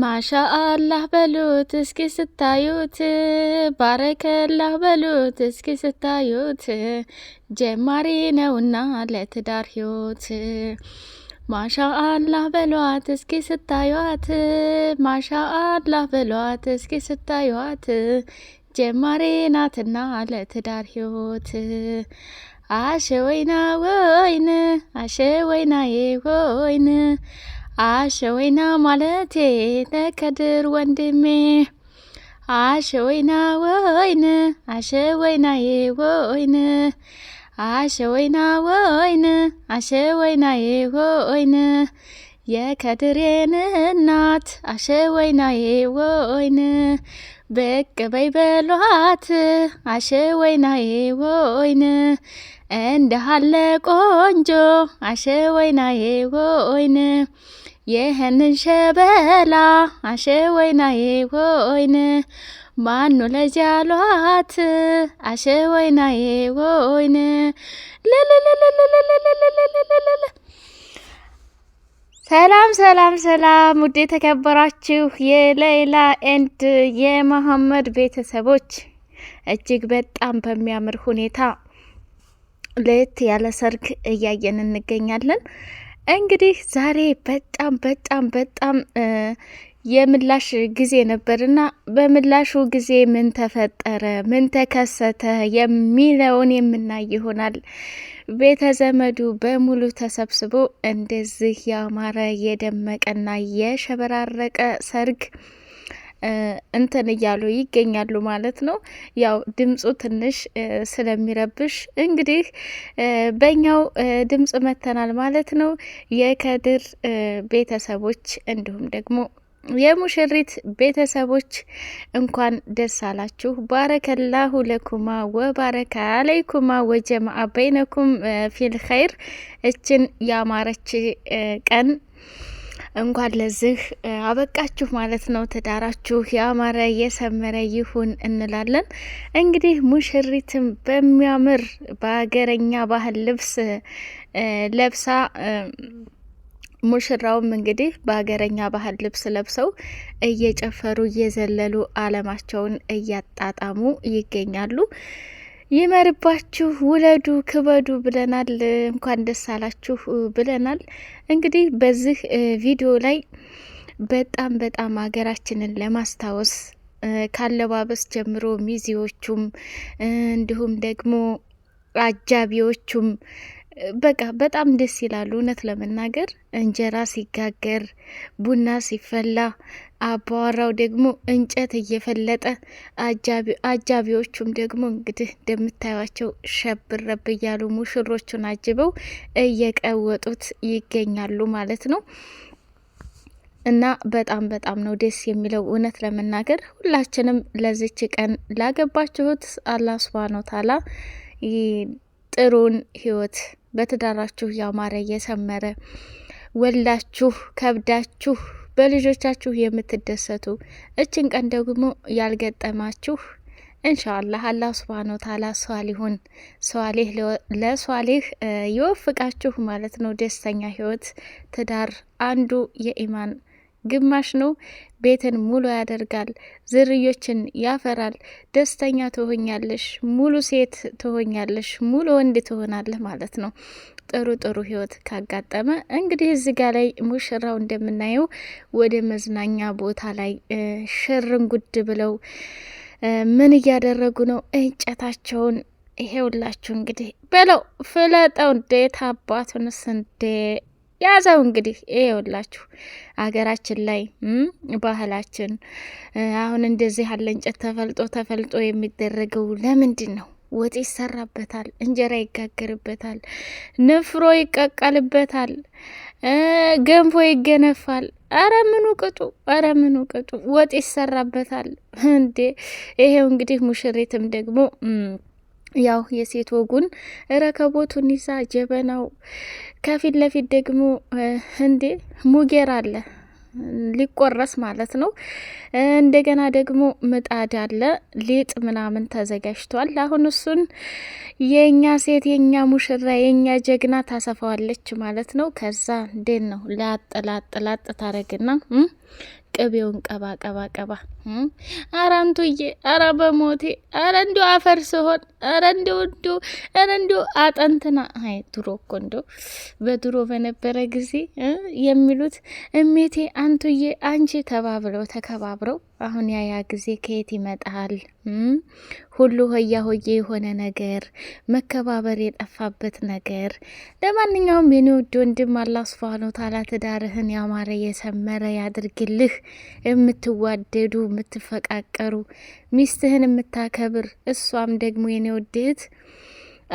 ማሻ አላህ በሉት እስኪ ስታዩት፣ ባረከላህ በሉት እስኪ ስታዩት፣ ጀማሪ ነውና ለትዳር ህይወት ማሻ አላህ በሏት እስኪ ስታዩት፣ ማሻ አላህ በሏት እስኪ ስታዩት፣ ጀማሪ ናትና ለትዳር ህይወት አሸወይና ወይን አሸወይናዬ ወይን አሸወይና ማለቴ ለከድር ወንድሜ አሸወይና ወይን አሸወይናዬ ወይን አሸወይና ወይን አሸወይናዬ ወይን የከድሬን እናት አሸወይናዬ ወይን ብቅ በይ በሏት አሸወይናዬ ወይን እንደሃለ ቆንጆ አሸወይናዬ ወይን ይህንን ሸበላ አሸ ወይን ማኑ ለጃሏት ሏት ወይን ሰላም ሰላም ሰላም ውድ የተከበራችሁ የሌላ ኤንድ የመሐመድ ቤተሰቦች እጅግ በጣም በሚያምር ሁኔታ ለየት ያለ ሰርግ እያየን እንገኛለን። እንግዲህ ዛሬ በጣም በጣም በጣም የምላሽ ጊዜ ነበርና በምላሹ ጊዜ ምን ተፈጠረ፣ ምን ተከሰተ የሚለውን የምናይ ይሆናል። ቤተ ዘመዱ በሙሉ ተሰብስቦ እንደዚህ ያማረ የደመቀና የሸበራረቀ ሰርግ እንትን እያሉ ይገኛሉ ማለት ነው። ያው ድምፁ ትንሽ ስለሚረብሽ እንግዲህ በኛው ድምፅ መተናል ማለት ነው። የከድር ቤተሰቦች እንዲሁም ደግሞ የሙሽሪት ቤተሰቦች እንኳን ደስ አላችሁ። ባረከላሁ ለኩማ ወባረከ አለይኩማ ወጀማ በይነኩም ፊል ኸይር። እችን ያማረች ቀን እንኳን ለዚህ አበቃችሁ ማለት ነው። ትዳራችሁ ያማረ የሰመረ ይሁን እንላለን። እንግዲህ ሙሽሪትም በሚያምር በሀገረኛ ባህል ልብስ ለብሳ ሙሽራውም እንግዲህ በሀገረኛ ባህል ልብስ ለብሰው እየጨፈሩ እየዘለሉ አለማቸውን እያጣጣሙ ይገኛሉ። ይመርባችሁ ውለዱ ክበዱ ብለናል። እንኳን ደስ አላችሁ ብለናል። እንግዲህ በዚህ ቪዲዮ ላይ በጣም በጣም ሀገራችንን ለማስታወስ ካለባበስ ጀምሮ ሚዜዎቹም እንዲሁም ደግሞ አጃቢዎቹም በቃ በጣም ደስ ይላሉ። እውነት ለመናገር እንጀራ ሲጋገር ቡና ሲፈላ አባዋራው ደግሞ እንጨት እየፈለጠ አጃቢዎቹም ደግሞ እንግዲህ እንደምታዩቸው ሸብረብ እያሉ ሙሽሮቹን አጅበው እየቀወጡት ይገኛሉ ማለት ነው። እና በጣም በጣም ነው ደስ የሚለው። እውነት ለመናገር ሁላችንም ለዚች ቀን ላገባችሁት አላህ ሱብሃነሁ ወተዓላ ጥሩን ህይወት በትዳራችሁ ያማረ የሰመረ ወልዳችሁ ከብዳችሁ በልጆቻችሁ የምትደሰቱ እችን ቀን ደግሞ ያልገጠማችሁ እንሻአላህ አላህ ስብሃነ ወተዓላ ሷሊሁን ሷሌህ ለሷሌህ ይወፍቃችሁ ማለት ነው። ደስተኛ ህይወት ትዳር አንዱ የኢማን ግማሽ ነው። ቤትን ሙሉ ያደርጋል፣ ዝርዮችን ያፈራል። ደስተኛ ትሆኛለሽ፣ ሙሉ ሴት ትሆኛለሽ፣ ሙሉ ወንድ ትሆናለህ ማለት ነው። ጥሩ ጥሩ ህይወት ካጋጠመ እንግዲህ እዚህ ጋ ላይ ሙሽራው እንደምናየው ወደ መዝናኛ ቦታ ላይ ሽርን ጉድ ብለው ምን እያደረጉ ነው? እንጨታቸውን ይሄውላችሁ እንግዲህ በለው ፍለጠው እንዴት አባቱንስ እንዴ ያዘው እንግዲህ ይኸውላችሁ አገራችን ላይ ባህላችን አሁን እንደዚህ ያለ እንጨት ተፈልጦ ተፈልጦ የሚደረገው ለምንድን ነው? ወጥ ይሰራበታል፣ እንጀራ ይጋገርበታል፣ ንፍሮ ይቀቀልበታል፣ ገንፎ ይገነፋል። አረ ምኑ ቅጡ! አረ ምኑ ቅጡ! ወጥ ይሰራበታል እንዴ! ይሄው እንግዲህ ሙሽሪትም ደግሞ ያው የሴት ወጉን ረከቦቱ ኒሳ ጀበናው ከፊት ለፊት ደግሞ እንዴ ሙጌር አለ ሊቆረስ ማለት ነው። እንደገና ደግሞ ምጣድ አለ፣ ሊጥ ምናምን ተዘጋጅቷል። አሁን እሱን የእኛ ሴት የእኛ ሙሽራ የእኛ ጀግና ታሰፋዋለች ማለት ነው። ከዛ እንዴት ነው ላጥ ላጥ ላጥ ታረግና ቅቤውን ቀባ ቀባ ቀባ። አረ አንቱዬ፣ አረ በሞቴ፣ አረ እንዲ አፈር ሲሆን፣ አረ እንዲ እንዲ አረ እንዲ አጠንትና። አይ ድሮ እኮ በድሮ በነበረ ጊዜ የሚሉት እሜቴ፣ አንቱዬ፣ አንቺ ተባብለው ተከባብረው አሁን ያያ ጊዜ ከየት ይመጣል? ሁሉ ሆያ ሆዬ የሆነ ነገር መከባበር የጠፋበት ነገር። ለማንኛውም የኔ ውድ ወንድም አላህ ሱብሃነሁ ወተዓላ ትዳርህን ያማረ የሰመረ ያድርግልህ። የምትዋደዱ የምትፈቃቀሩ፣ ሚስትህን የምታከብር እሷም ደግሞ የኔ ውድት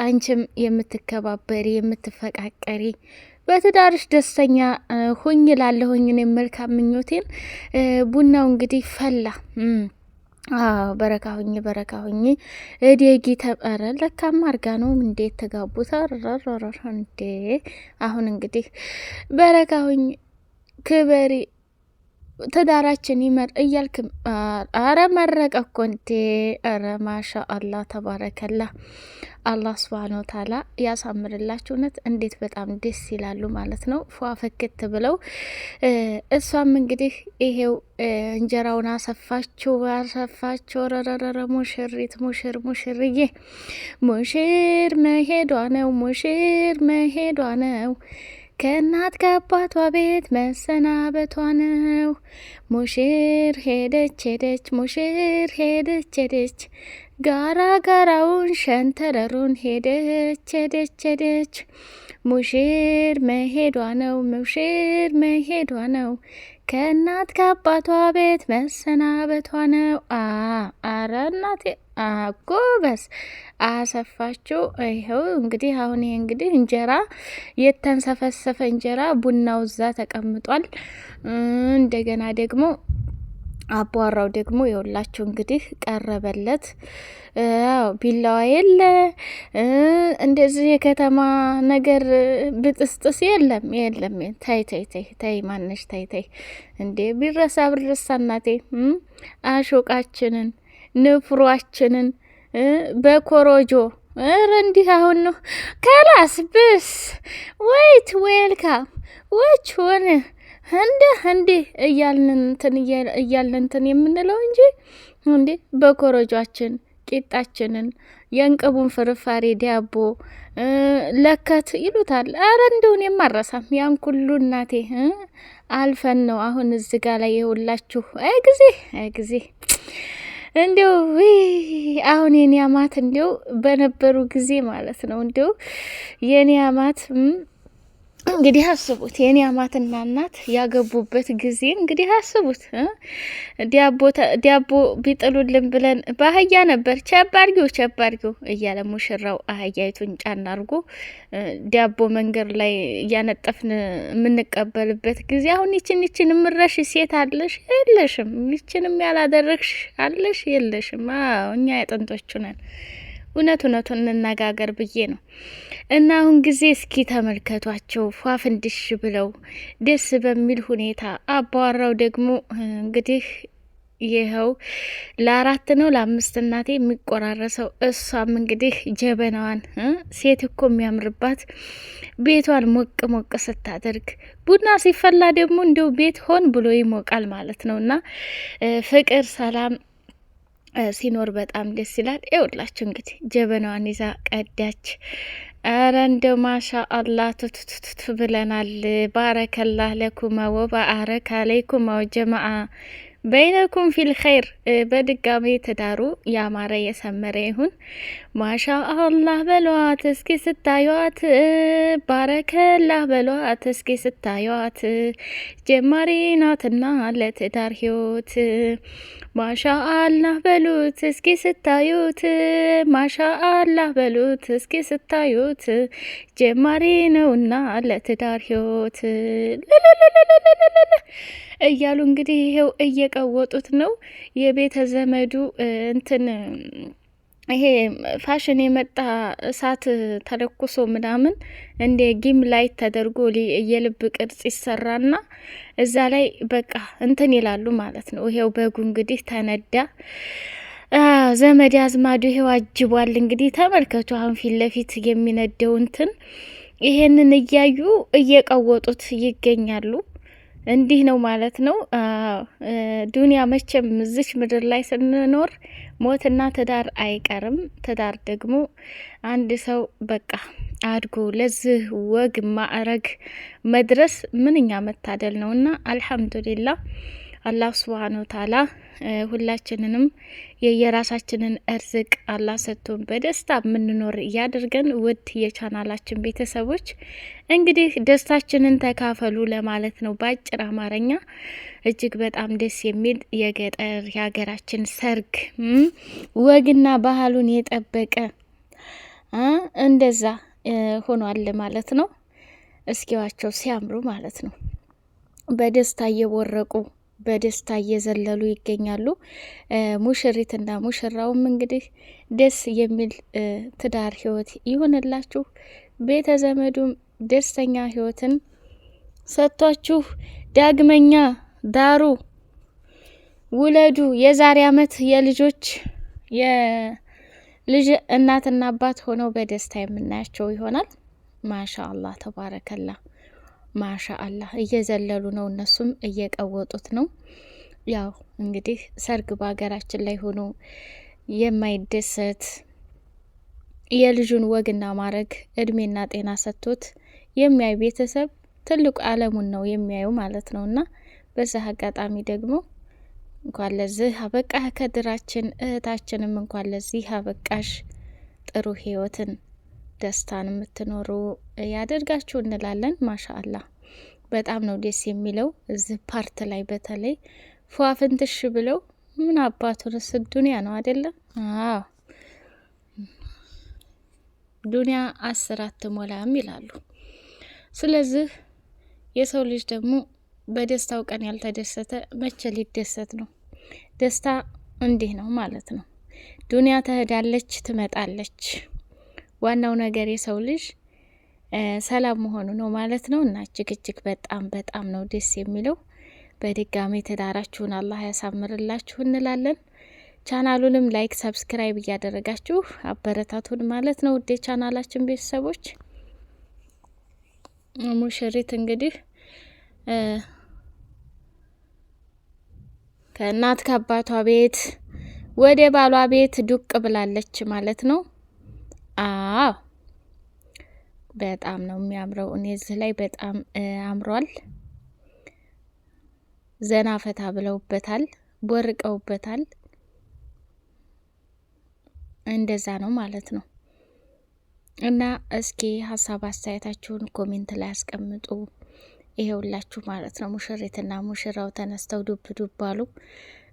አንቺም የምትከባበሪ የምትፈቃቀሪ በትዳርሽ ደስተኛ ሁኝ ላለሁኝ እኔ መልካም ምኞቴን። ቡናው እንግዲህ ፈላ። አዎ በረካ ሁኝ በረካ ሁኝ እዴጊ ተጠረ ለካማ አርጋ ነው እንዴት ተጋቡታ እንዴ! አሁን እንግዲህ በረካ ሁኝ ክበሬ ትዳራችን ይመር እያልክ አረ መረቀ ኮንቴ አረ ማሻ አላህ ተባረከላ። አላህ ስብሃነ ወተዓላ ያሳምርላችሁ። እውነት እንዴት በጣም ደስ ይላሉ ማለት ነው። ፏፈክት ብለው እሷም እንግዲህ ይሄው እንጀራውን አሰፋችሁ አሰፋችሁ። ረረረረ ሙሽሪት ሙሽር ሙሽርዬ ሙሽር መሄዷ ነው ሙሽር መሄዷ ነው ከእናት ከአባቷ ቤት መሰናበቷ ነው። ሙሽር ሄደች ሄደች ሙሽር ሄደች ሄደች ጋራ ጋራውን ሸንተረሩን ሄደች ሄደች ሄደች ሙሽር መሄዷ ነው ሙሽር መሄዷ ነው ከእናት ከአባቷ ቤት መሰናበቷ ነው። አረ እናቴ ጎበስ አሰፋችው። ይኸው እንግዲህ አሁን ይሄ እንግዲህ እንጀራ የተንሰፈሰፈ እንጀራ ቡናው እዛ ተቀምጧል። እንደገና ደግሞ አቧራው ደግሞ የሁላችሁ እንግዲህ ቀረበለት። አዎ ቢላዋ የለ እንደዚህ የከተማ ነገር ብጥስጥስ የለም የለም። ታይ ታይ ታይ ታይ ማነሽ ታይ ታይ እንዴ ቢረሳ ብረሳ እናቴ አሾቃችንን ንፍሯችንን በኮሮጆ ኧረ እንዲህ አሁን ነው ከላስ ብስ ወይት ዌልካም ወች ሆነ እንደ እንዴ እያልንንትን እያልንንትን የምንለው እንጂ እንዴ በኮረጇችን ቂጣችንን የእንቅቡን ፍርፋሪ ዳቦ ለከት ይሉታል። አረ እንደውን የማረሳም ያን እናቴ አልፈን ነው አሁን እዚጋ ላይ የሁላችሁ አይ ጊዜ አይ ጊዜ እንዲው አሁን የኒያማት እንዲው በነበሩ ጊዜ ማለት ነው እንዲው የኒያማት እንግዲህ አስቡት የኔ አማትና እናት ያገቡበት ጊዜ እንግዲህ አስቡት። ዲያቦ ቢጥሉልን ብለን በአህያ ነበር ቸባርጊው ቸባርጊው እያለ ሙሽራው አህያይቱን ጫና አድርጎ ዲያቦ መንገድ ላይ እያነጠፍን የምንቀበልበት ጊዜ አሁን ይችን ይችን የምረሽ ሴት አለሽ የለሽም፣ ይችንም ያላደረግሽ አለሽ የለሽም። እኛ የጥንቶቹ ነን። እውነት እውነቱን እንነጋገር ብዬ ነው። እና አሁን ጊዜ እስኪ ተመልከቷቸው ፏፍንድሽ ብለው ደስ በሚል ሁኔታ አባዋራው ደግሞ እንግዲህ ይኸው ለአራት ነው ለአምስት እናቴ የሚቆራረሰው። እሷም እንግዲህ ጀበናዋን ሴት እኮ የሚያምርባት ቤቷን ሞቅ ሞቅ ስታደርግ ቡና ሲፈላ ደግሞ እንደው ቤት ሆን ብሎ ይሞቃል ማለት ነው እና ፍቅር ሰላም ሲኖር በጣም ደስ ይላል። ይኸውላችሁ እንግዲህ ጀበናዋን ይዛ ቀዳች። ኧረ እንደው ማሻ አላህ ቱቱቱቱ ብለናል። ባረከላህ ለኩማ ወባአረከ አለይኩማ ጀማአ በይነኩም ፊል ኸይር። በድጋሚ ትዳሩ ያማረ የሰመረ ይሁን። ማሻ አላህ በሏት እስኪ ስታዩዋት፣ ባረከላህ በሏት እስኪ ስታዩዋት። ጀማሪ ናትና ለትዳር ህይወት ማሻ አላህ በሉት እስኪ ስታዩት፣ ማሻ አላህ በሉት እስኪ ስታዩት፣ ጀማሪ ነውና ለትዳር ህይወት እያሉ እንግዲህ ይሄው እየቀወጡት ነው የቤተ ዘመዱ እንትን ይሄ ፋሽን የመጣ እሳት ተለኩሶ ምናምን እንደ ጊም ላይ ተደርጎ የልብ ቅርጽ ይሰራና እዛ ላይ በቃ እንትን ይላሉ ማለት ነው። ይሄው በጉ እንግዲህ ተነዳ፣ ዘመድ አዝማዱ ይሄው አጅቧል። እንግዲህ ተመልከቱ፣ አሁን ፊት ለፊት የሚነደው እንትን ይሄንን እያዩ እየቀወጡት ይገኛሉ። እንዲህ ነው ማለት ነው። አዎ ዱንያ መቼም እዚች ምድር ላይ ስንኖር ሞትና ትዳር አይቀርም። ትዳር ደግሞ አንድ ሰው በቃ አድጎ ለዚህ ወግ ማዕረግ መድረስ ምንኛ መታደል ነው እና አልሐምዱሊላ አላህ ስብሃነ ወተዓላ ሁላችንንም የየራሳችንን እርዝቅ አላህ ሰጥቶን በደስታ የምንኖር እያደርገን። ውድ የቻናላችን ቤተሰቦች እንግዲህ ደስታችንን ተካፈሉ ለማለት ነው በአጭር አማርኛ። እጅግ በጣም ደስ የሚል የገጠር የሀገራችን ሰርግ ወግና ባህሉን የጠበቀ እንደዛ ሆኗል ማለት ነው። እስኪዋቸው ሲያምሩ ማለት ነው። በደስታ እየቦረቁ በደስታ እየዘለሉ ይገኛሉ። ሙሽሪትና ሙሽራውም እንግዲህ ደስ የሚል ትዳር ህይወት ይሁንላችሁ። ቤተ ዘመዱም ደስተኛ ህይወትን ሰጥቷችሁ ዳግመኛ ዳሩ ውለዱ። የዛሬ አመት የልጆች የልጅ እናትና አባት ሆነው በደስታ የምናያቸው ይሆናል። ማሻ አላህ ተባረከላ። ማሻ አላህ እየዘለሉ ነው፣ እነሱም እየቀወጡት ነው። ያው እንግዲህ ሰርግ በሀገራችን ላይ ሆኖ የማይደሰት የልጁን ወግና ማድረግ እድሜና ጤና ሰጥቶት የሚያዩ ቤተሰብ ትልቁ አለሙን ነው የሚያዩ ማለት ነው። እና በዚህ አጋጣሚ ደግሞ እንኳን ለዚህ አበቃህ ከድራችን እህታችንም እንኳን ለዚህ አበቃሽ ጥሩ ህይወትን ደስታን የምትኖሩ ያደርጋችሁ እንላለን። ማሻአላ በጣም ነው ደስ የሚለው። እዚህ ፓርት ላይ በተለይ ፏፍንትሽ ብለው ምን አባቱንስ ስ ዱኒያ ነው አይደለም? አዎ ዱኒያ አስር አትሞላም ይላሉ። ስለዚህ የሰው ልጅ ደግሞ በደስታው ቀን ያልተደሰተ መቼ ሊደሰት ነው? ደስታ እንዲህ ነው ማለት ነው። ዱኒያ ትሄዳለች፣ ትመጣለች። ዋናው ነገር የሰው ልጅ ሰላም መሆኑ ነው ማለት ነው። እና እጅግ እጅግ በጣም በጣም ነው ደስ የሚለው። በድጋሚ ትዳራችሁን አላህ ያሳምርላችሁ እንላለን። ቻናሉንም ላይክ፣ ሰብስክራይብ እያደረጋችሁ አበረታቱን ማለት ነው። ውዴ ቻናላችን ቤተሰቦች ሙሽሪት እንግዲህ ከእናት ከአባቷ ቤት ወደ ባሏ ቤት ዱቅ ብላለች ማለት ነው። አዎ በጣም ነው የሚያምረው። እኔ እዚህ ላይ በጣም አምሯል። ዘና ፈታ ብለውበታል፣ ቦርቀውበታል። እንደዛ ነው ማለት ነው። እና እስኪ ሀሳብ አስተያየታችሁን ኮሜንት ላይ አስቀምጡ። ይሄውላችሁ ማለት ነው ሙሽሪትና ሙሽራው ተነስተው ዱብ ዱብ አሉ።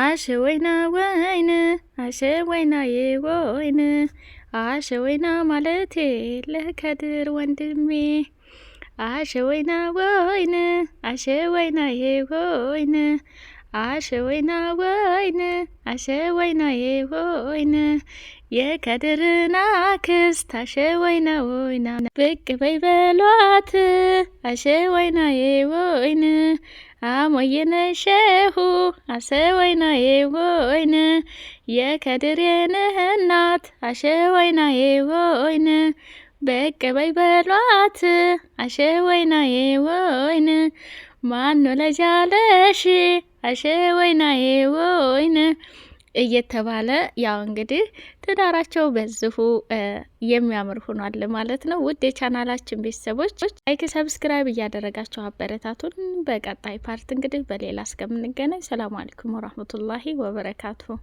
ಆಶೆ ಒಯ್ನ ವೈನ ಆಶೆ ಒಯ್ನ ಏ ವೈನ ಆಶೆ ಒಯ್ನ ማለቴ ለከድር ወንድሜ አሸ ወይና ወይን አሸ ወይና ይሄ ወይን አሸ ወይና ወይን አሸ ወይና ይሄ ወይን የከድርና ክስት አሸ ወይና ወይና ብቅ በይ በሏት አሸ ወይና ይሄ ወይን አሞየነሸሁ አሸወይናዬ ወይን የከድሬን እናት አሸወይናዬ ወይን በቅ በይ በሏት አሸወይናዬ ወይን ማኖ ወለጃለሽ አሸወይናዬ ወይን እየተባለ ያው እንግዲህ ትዳራቸው በዚሁ የሚያምር ሆኗል ማለት ነው። ውድ የቻናላችን ቤተሰቦች ላይክ፣ ሰብስክራይብ እያደረጋቸው አበረታቱን። በቀጣይ ፓርት እንግዲህ በሌላ እስከምንገናኝ ሰላም አለይኩም ወራህመቱላሂ ወበረካቱሁ።